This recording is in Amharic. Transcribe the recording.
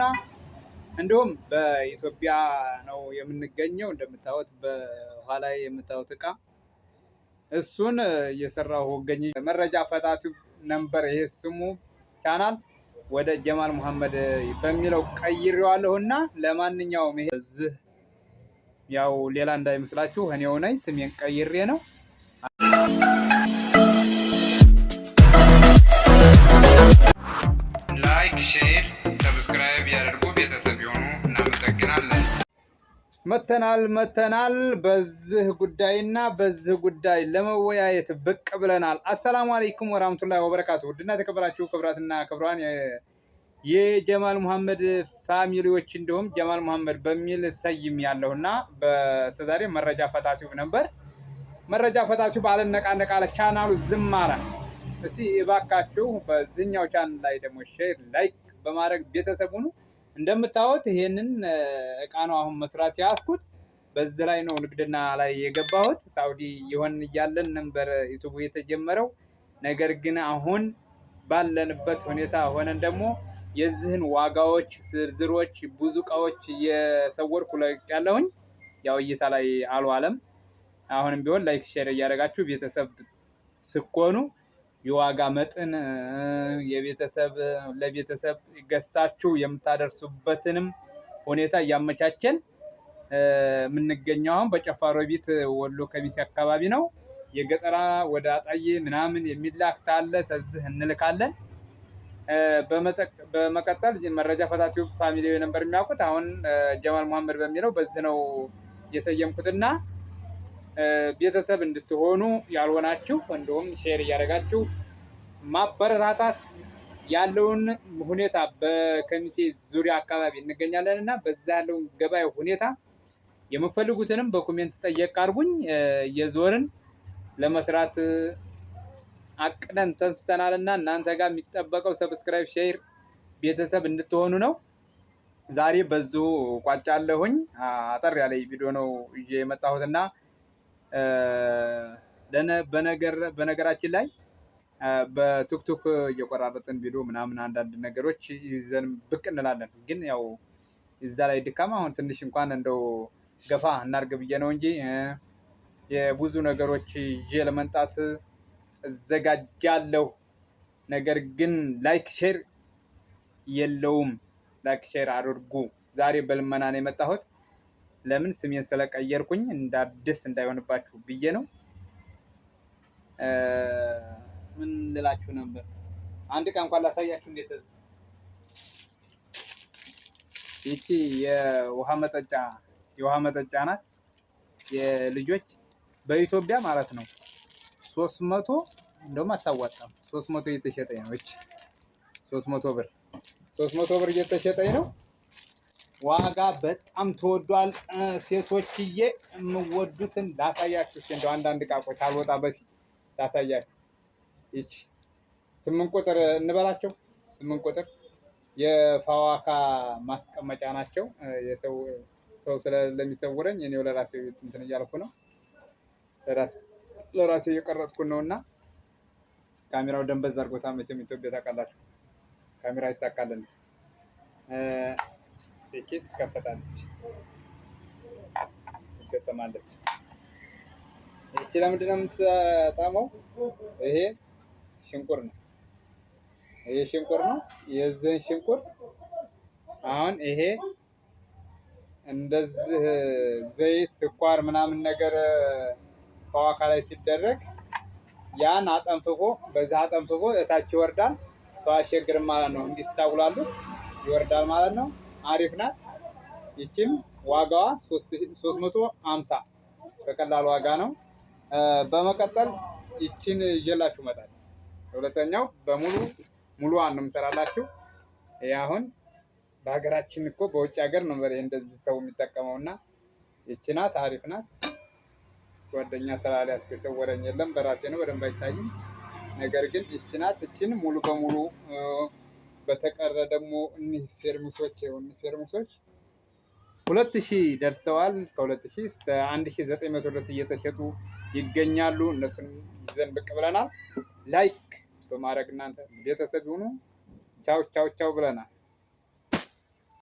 ነውና እንዲሁም በኢትዮጵያ ነው የምንገኘው። እንደምታዩት በኋላ የምታዩት እቃ እሱን እየሰራሁ እገኝ መረጃ ፈታቱ ነንበር ይሄ ስሙ ቻናል ወደ ጀማል መሐመድ በሚለው ቀይሬዋለሁ እና ለማንኛውም ይሄ እዚህ ያው ሌላ እንዳይመስላችሁ እኔው ነኝ ስሜን ቀይሬ ነው። ላይክ ሼር መተናል መተናል በዚህ ጉዳይና በዚህ ጉዳይ ለመወያየት ብቅ ብለናል። አሰላሙ አለይኩም ወራህመቱላሂ ወበረካቱ። ውድና የተከበራችሁ ክብራትና ክብሯን የጀማል ሙሐመድ ፋሚሊዎች እንዲሁም ጀማል ሙሐመድ በሚል ሰይም ያለውና በስተዛሬ መረጃ ፈታቲው ነበር። መረጃ ፈታቲው ባልነቃነቅ ቻናሉ ዝም አለ። እስኪ እባካችሁ በዚህኛው ቻናል ላይ ደግሞ ሼር ላይክ በማድረግ ቤተሰብ ሁኑ። እንደምታዩት ይሄንን እቃ ነው አሁን መስራት ያስኩት። በዚህ ላይ ነው ንግድና ላይ የገባሁት። ሳውዲ የሆን እያለን ነበር ዩቱቡ የተጀመረው። ነገር ግን አሁን ባለንበት ሁኔታ ሆነን ደግሞ የዚህን ዋጋዎች ዝርዝሮች፣ ብዙ እቃዎች እየሰወርኩ ለቅ ያለሁኝ ያው እይታ ላይ አልዋለም። አሁንም ቢሆን ላይክ ሼር እያደረጋችሁ ቤተሰብ ስኮኑ የዋጋ መጠን የቤተሰብ ለቤተሰብ ገዝታችሁ የምታደርሱበትንም ሁኔታ እያመቻቸን የምንገኘው አሁን በጨፋሮ ሮቢት ወሎ ከሚሴ አካባቢ ነው። የገጠራ ወደ አጣዬ ምናምን የሚላክ ታለ ተዝህ እንልካለን። በመቀጠል መረጃ ፈታቲ ፋሚሊ ነበር የሚያውቁት። አሁን ጀማል መሀመድ በሚለው በዚህ ነው የሰየምኩትና ቤተሰብ እንድትሆኑ ያልሆናችሁ እንዲሁም ሼር እያደረጋችሁ ማበረታታት ያለውን ሁኔታ በከሚሴ ዙሪያ አካባቢ እንገኛለን እና በዛ ያለውን ገበያ ሁኔታ የምፈልጉትንም በኮሜንት ጠየቅ አድርጉኝ። የዞርን ለመስራት አቅደን ተንስተናል እና እናንተ ጋር የሚጠበቀው ሰብስክራይብ፣ ሼር ቤተሰብ እንድትሆኑ ነው። ዛሬ በዙ ቋጫ አለሁኝ። አጠር ያለ ቪዲዮ ነው ይዤ የመጣሁት እና በነገራችን ላይ በቱክቱክ እየቆራረጥን ቪዲዮ ምናምን አንዳንድ ነገሮች ይዘን ብቅ እንላለን። ግን ያው እዛ ላይ ድካማ አሁን ትንሽ እንኳን እንደው ገፋ እናርግ ብዬ ነው እንጂ የብዙ ነገሮች ይዤ ለመምጣት እዘጋጃለሁ። ነገር ግን ላይክ ሼር የለውም። ላይክ ሼር አድርጉ። ዛሬ በልመና ነው የመጣሁት። ለምን ስሜን ስለቀየርኩኝ እንዳደስ እንዳይሆንባችሁ ብዬ ነው። ምን ልላችሁ ነበር? አንድ ቀን እንኳን ላሳያችሁ። እንዴት ይቺ የውሃ መጠጫ የውሃ መጠጫ ናት የልጆች በኢትዮጵያ ማለት ነው። ሶስት መቶ እንደውም አታዋጣም። ሶስት መቶ እየተሸጠኝ ነው። ሶስት መቶ ብር ሶስት መቶ ብር እየተሸጠኝ ነው። ዋጋ በጣም ተወዷል። ሴቶችዬ የምወዱትን ላሳያችሁ። እሺ እንደው አንዳንድ ቃቆች አልወጣ በፊት ላሳያችሁ። ይቺ ስምንት ቁጥር እንበላቸው ስምንት ቁጥር የፋዋካ ማስቀመጫ ናቸው። የሰው ሰው ስለሚሰውረኝ እኔው ለራሴ እንትን እያልኩ ነው ለራሴ እየቀረጥኩ ነው እና ካሜራው ደንበዝ አድርጎታ። መቼም ኢትዮጵያ ታውቃላችሁ ካሜራ ይሳካልን ፔኬት ትከፈታለች፣ ትገጠማለች። ይቺ ለምንድን ነው የምትጣመው? ይሄ ሽንቁር ነው። ይሄ ሽንቁር ነው። የዚህን ሽንቁር አሁን ይሄ እንደዚህ ዘይት፣ ስኳር ምናምን ነገር ከዋካ ላይ ሲደረግ ያን አጠንፍቆ በዚህ አጠንፍቆ እታች ይወርዳል። ሰው አሸግርም ማለት ነው። እንዲህ ስታጉላሉት ይወርዳል ማለት ነው። አሪፍ ናት። ይችም ዋጋዋ 350 በቀላል ዋጋ ነው። በመቀጠል ይችን ይዤላችሁ መጣል። ሁለተኛው በሙሉ ሙሉ ነው የምሰራላችሁ። አሁን በሀገራችን እኮ በውጭ ሀገር ነው እንደዚህ ሰው የሚጠቀመው እና ይቺ ናት፣ አሪፍ ናት። ጓደኛ ስራ ላይ ወረኝ የለም በራሴ ነው በደንብ አይታይም። ነገር ግን ይቺ ናት። ይችን ሙሉ በሙሉ በተቀረ ደግሞ እኒህ ፌርሙሶች የሆኑ ፌርሙሶች ሁለት ሺህ ደርሰዋል። ከሁለት ሺህ እስከ አንድ ሺህ ዘጠኝ መቶ ድረስ እየተሸጡ ይገኛሉ። እነሱን ይዘን ብቅ ብለናል። ላይክ በማድረግ እናንተ ቤተሰብ ይሁኑ። ቻው ቻው ቻው ብለናል።